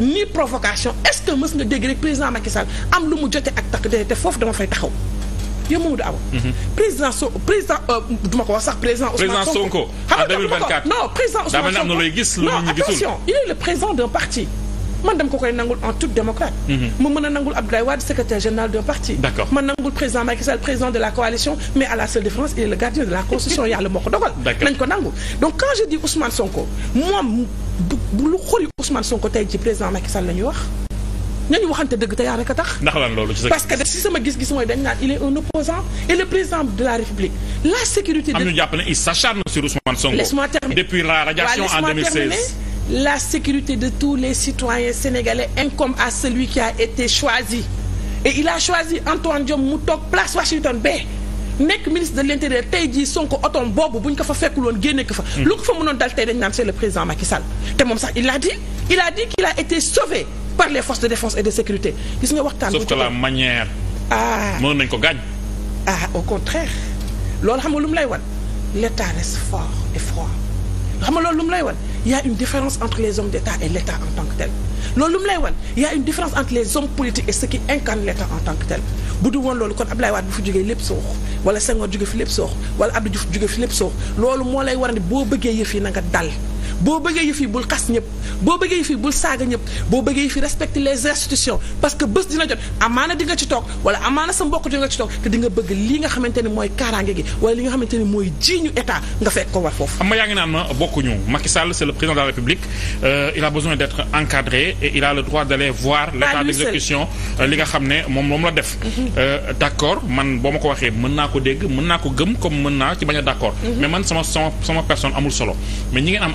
ni provocation est-ce que mës nga dégg président Macky Sall am lu mu jotee ak takk dee te foofu dama fay taxaw yow Mamadou Awa. Mhm. président euh, du ma ko sax président. Ousmane Sonko président Sonko. en non président Ousmane Sonko il est le président d'un parti. man dama ko koy nangul en toute démocrate mhm. mu mën a nangul Abdoulaye Wade secrétaire général d'un parti man nangul président Macky président de la coalition mais à la seule différence il est le gardien de la constitution yàlla moo ko dogal ko nangu donc quand je dis Ousmane Sonko moom bu lu xori Ousmane Sonko tey ci président Macky Sall la ñuy wax nañu waxante dëgg te yaa rek a tax ndax lan loolu parce que si sama gis-gis mooy dañ naan il est un opposant et le président la sécurité de tous les citoyens sénégalais incombe à celui qui a été choisi et il a choisi Antoine Diome mu toog place Washington ba nekk ministre de l'intérieur tey jii Sonko otoom boobu bu ñu ko fa fekkul woon génne ko fa. Hmm. lu ko fa mënoon dal tey dañ naan c'est le président Macky te moom sax il a dit il a dit qu'il a été sauvé par les forces de défense et de sécurité gis nga waxtaan. sauf que la manière. ah mënoon nañ ko gaañ. ah au contraire loolu xam nga lu lay wan l'état reste et froid xam nga loolu lay wan. yaa a une différence entre les hommes d'État et l'État en tant que tel loolu lu lay wan y une différence entre les hommes politiques et ceux qui incarnent l'État en tant que tel bu du woon loolu kon Abdoulaye Wade bu fi jógee lépp soox wala Senghor jóge fi lépp soox wala Abdou Diouf jóge fi lépp soox loolu moo lay wara ne boo bëggee yëf yi na nga dal boo bëggee yëf yi bul xas ñëpp boo bëggee yëf yi bul saaga ñëpp boo bëggee yëf yi respecte les institutions parce que bés dina jot amaana di nga ci toog wala amaana sa mbokk di nga ci toog te di bëgg li nga xamante ne mooy jiiñu état nga fekk ko war foofu. xam yaa ngi naan ma bokkuñu Macky Sall c'est le président de la République euh, il a besoin d'être encadré et il a le droit d'aller voir l'état d'exécution euh, li nga xam ne moom moom la def. Mhm. Euh, d'accord man boo ma ko waxee mën naa ko dégg mën naa ko gëm comme mën naa ci bañ a d'accord mhm. mais man sama sama sama personne amul solo mais ñi ngeen am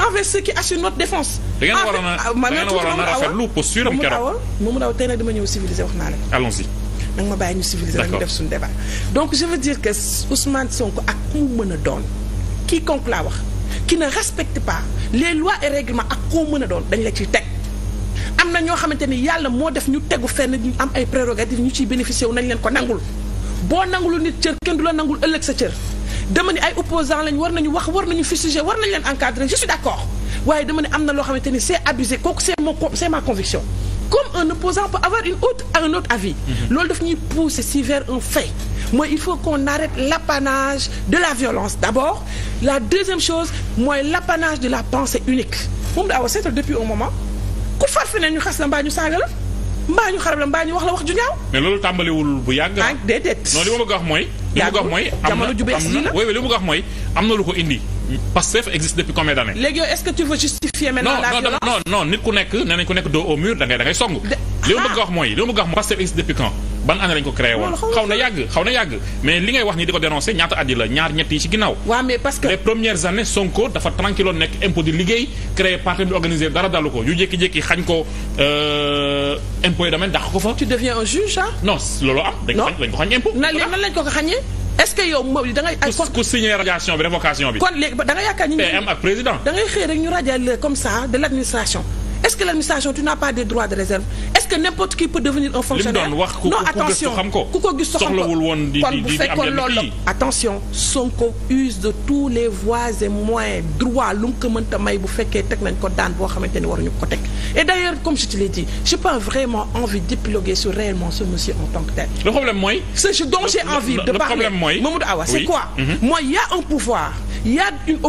envers ceux qui assurent notre défense. da ngeen waroon a ah, da ngeen waroon a rafetlu ah. posture am keroog ah. moomu daaw tey nag dama ñëw civilisé wax naa la. allons-y. nag ma bàyyi ñu civilisé nag ñu def suñu débat. donc je veux dire que Ousmane Sonko ak ku mën a doon quiconque laa wax qui ne respecte pas les lois et règlements ak ku mën a doon dañ la ciy teg. am na ñoo xamante ni yàlla moo def ñu tegu fenn ñu am ay prérogatives ñu ciy bénéficié wu nañ leen ko nangul boo nangulu nit cër kenn du la nangul ëllëg sa cër. dama ne ay opposants lañ war nañu wax war nañu fustiger war nañu leen encadrer je suis d'accord waaye dama ne am na loo xamante ni c'est abusé kooku c'est mon c'est ma conviction comme un opposant peut avoir une autre avis mhm. loolu daf ñuy pousser si vers un fait mooy il faut qu'on arrête l'apanage de la violence d'abord la deuxième chose mooy l'apanage de la pensée unique moom daa wa seetal depuis un moment ku farfe ne ñu xas na mbaa ñu saaga la mbaa ñu xarab la mbaa ñu wax la wax ju ñaaw. mais loolu tàmbaliwul bu yàgg. ah li ma bëgg a wax mooy. li ma bëgg a wax mooy am na a na lu ko indi. Pastef existe depuis combien d'années. léegi yow nit ku nekk nee nañ ku nekk dos au mur da ngay song. li ma bëgg ah. wax mooy li ma bëgg wax mooy Pastef existe depuis quand ban année lañ ko créé woon xaw na yàgg xaw na yàgg mais li ngay wax ni di ko dénoncé ñaata at la ñaar ñett ci ginnaaw waaw mais parce que les premières années Sonko dafa tranquille nekk impôt di liggéey créé parti bi organisé dara dalu ko yu jékki-jékki xañ ko euh, impôt yi domaine ko fa tu deviens un juge ah non loolu am dañ ko dañ ko xañ impôt na lan lañ ko ko xañee est-ce que yow moom da ngay ay kon ku signé radiation bi révocation bi kon léegi da nga est-ce que l'administration tu n'as pas des droits de réserve est-ce que n'importe qui peut devenir un fonctionnaire non attention ku ko use de tous les voies et moyens droit lu mu ko bu fekkee teg daan boo xamante ni waruñu ko teg et d'ailleurs comme je te l'ai dit j'ai pas vraiment envie d'épiloguer sur réellement ce monsieur en tant que tel le problème mooy ce dont j'ai envie de parler Mamadou Awa c'est quoi mm-hmm. mooy y a